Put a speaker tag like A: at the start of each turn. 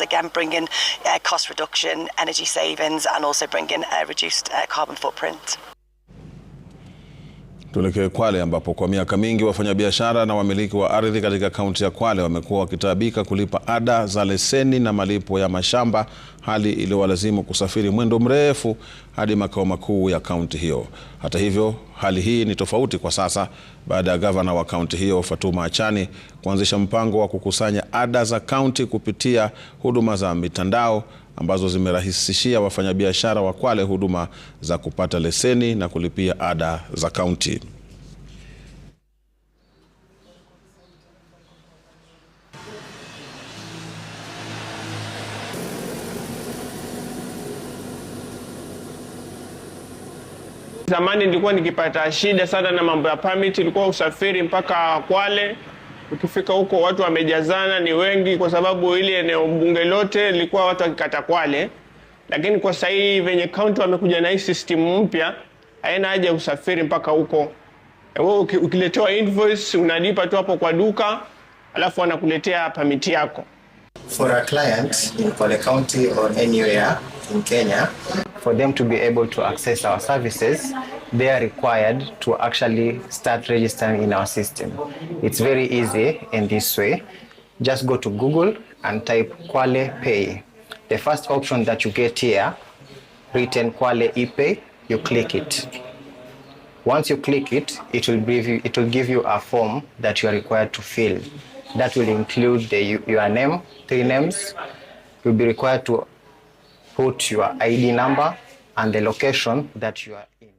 A: again bringing uh, cost reduction, energy savings, and also bringing a reduced uh, carbon footprint.
B: Tuelekee Kwale ambapo kwa miaka mingi wafanyabiashara na wamiliki wa ardhi katika kaunti ya Kwale wamekuwa wakitaabika kulipa ada za leseni na malipo ya mashamba, hali iliyowalazimu kusafiri mwendo mrefu hadi makao makuu ya kaunti hiyo. Hata hivyo, hali hii ni tofauti kwa sasa baada ya gavana wa kaunti hiyo Fatuma Achani kuanzisha mpango wa kukusanya ada za kaunti kupitia huduma za mitandao ambazo zimerahisishia wafanyabiashara wa Kwale huduma za kupata leseni na kulipia ada za kaunti.
C: Zamani nilikuwa nikipata shida sana na mambo ya permit, ilikuwa usafiri mpaka Kwale. Ukifika huko watu wamejazana, ni wengi, kwa sababu ile eneo bunge lote lilikuwa watu wakikata Kwale. Lakini kwa sasa hivi venye kaunti wamekuja na hii system mpya, haina haja ya usafiri mpaka huko. Wewe ukiletewa invoice unalipa tu hapo kwa duka, alafu wanakuletea permit yako.
D: For a client in Kwale County or anywhere in Kenya for them to be able to access our services, they are required to actually start registering in our system. It's very easy in this way. Just go to Google and type Kwale Pay. The first option that you get here, written Kwale ePay, you click it. Once you click it, it will, give you, it will give you a form that you are required to fill. That will include the, your name, three names. You'll be required to put your ID number and the location that you are in.